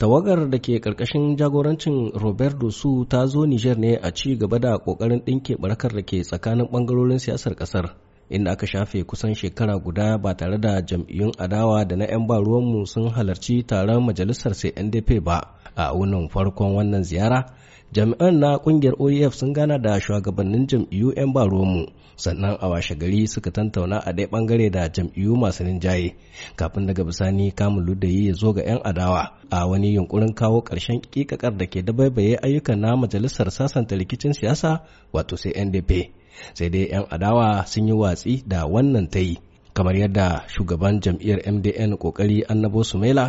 tawagar da ke karkashin jagorancin robert dosu ta zo niger ne a ci gaba da kokarin ɗinke barakar da ke tsakanin ɓangarorin siyasar ƙasar inda aka shafe kusan shekara guda ba tare da jam'iyyun adawa da na 'yan ba ruwanmu sun halarci taron majalisar sai ndp ba a wunin farkon wannan ziyara jami'an na kungiyar oef sun gana da shugabannin jam'iyyu 'yan ba ruwanmu sannan a washe gari suka tantauna a ɗaya bangare da jam'iyyu masu ninjaye kafin daga bisani kamun ludayi ya zo ga 'yan adawa a wani yunkurin kawo ƙarshen kikakar da ke dabaibaye ayyukan na majalisar sasanta rikicin siyasa wato sai ndp sai dai 'yan adawa sun yi watsi da wannan ta yi kamar yadda shugaban jam'iyyar mdn kokari annabo sumaila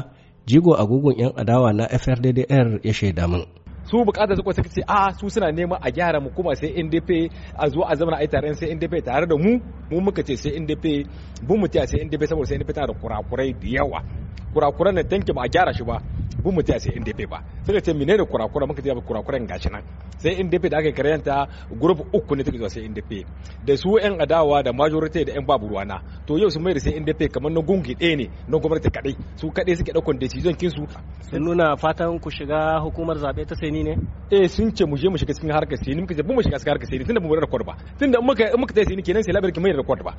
jigo agogon 'yan adawa na frddr ya shaida min su bukatar su kwata ce a su suna neman a gyara mu kuma sai NDP a zo a zama yi taron sai NDP tare da mu mu muka ce sai NDP bu mu ta sai NDP saboda sai NDP ta da kurakurai da yawa kurakuran ne tanki ba a gyara shi ba bu mu sai NDP ba sai ka ce menene kurakura muka ce kurakuran gashi nan sai NDP da aka karyanta group uku ne take zuwa sai NDP da su yan adawa da majority da yan babu ruwana to yau sun mai da sai NDP kamar na gungi ɗaya ne na gwamnati kadai su kadai suke ɗaukar decision kin su sun nuna fatan ku shiga hukumar zabe ta sai ne eh sun ce mu je mu shiga cikin harkar sai ni muka ce mu shiga cikin harkar sai ni tunda mu bar record ba tunda in muka in muka sai ni kenan sai labarin kamar record ba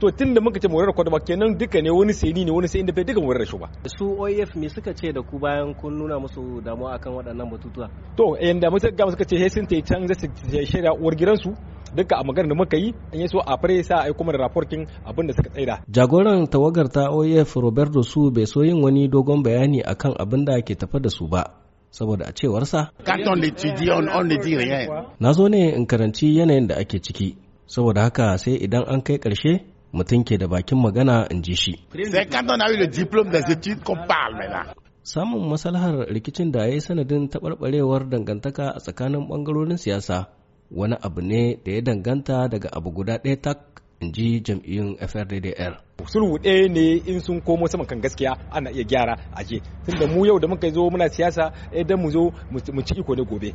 to tun da muka ce morar kwadaba kenan duka ne wani sai ne wani sai inda bai duka morar shi ba su OEF me suka ce da ku bayan kun nuna musu damuwa akan waɗannan batutuwa to yanda eh, muka ga suka ce he sun tai canza su shirya uwar gidansu duka a maganar da muka yi an yi so a fare sa ai kuma da raportin abin da suka tsaida jagoran tawagar ta OEF Roberto Su bai so yin wani dogon bayani akan abin da ke tafa da su ba saboda a cewarsa na zo ne in karanci yanayin da ake ciki saboda haka sai idan an kai karshe mutum ke da bakin magana in ji shi. Samun masalahar rikicin da ya yi sanadin taɓarɓarewar dangantaka a tsakanin ɓangarorin siyasa wani abu ne da ya danganta daga abu guda ɗaya tak in ji jam'iyyun FRDDR. Sulhu ɗaya ne in sun komo saman kan gaskiya ana iya gyara a je. Tunda mu yau da muka zo muna siyasa idan eh, mu zo mu ci iko ne gobe.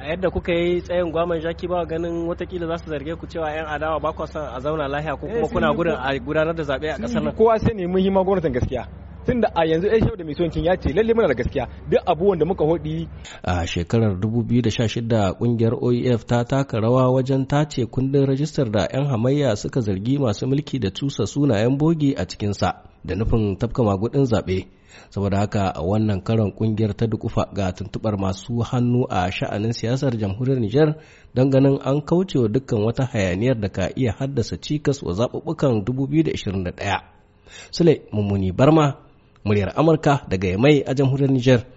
a yadda kuka yi tsayin gwaman jaki ba ganin watakila za su zarge ku cewa yan adawa ba ku a zauna lahiya ko kuma eh, kuna gudun a gudanar da zaɓe a ƙasar nan kowa sai ne muhimman gwamnatin gaskiya tunda a yanzu ai da mai soncin ya ce lalle muna da gaskiya duk abubuwan da muka hodi a shekarar 2016 kungiyar OEF ta taka rawa wajen tace kundin rajistar da yan hamayya suka zargi masu mulki da tusa sunayen bogi a cikinsa da nufin tafka magudin zaɓe saboda haka a wannan karon kungiyar ta dukufa ga tuntubar masu hannu a sha'anin siyasar jamhuriyar Nijar don ganin an kaucewa dukkan wata hayaniyar da ka iya haddasa cikas wa zaɓuɓɓukan 2021. Sule Mummuni Barma, muryar Amurka daga Yamai a jamhuriyar Nijar.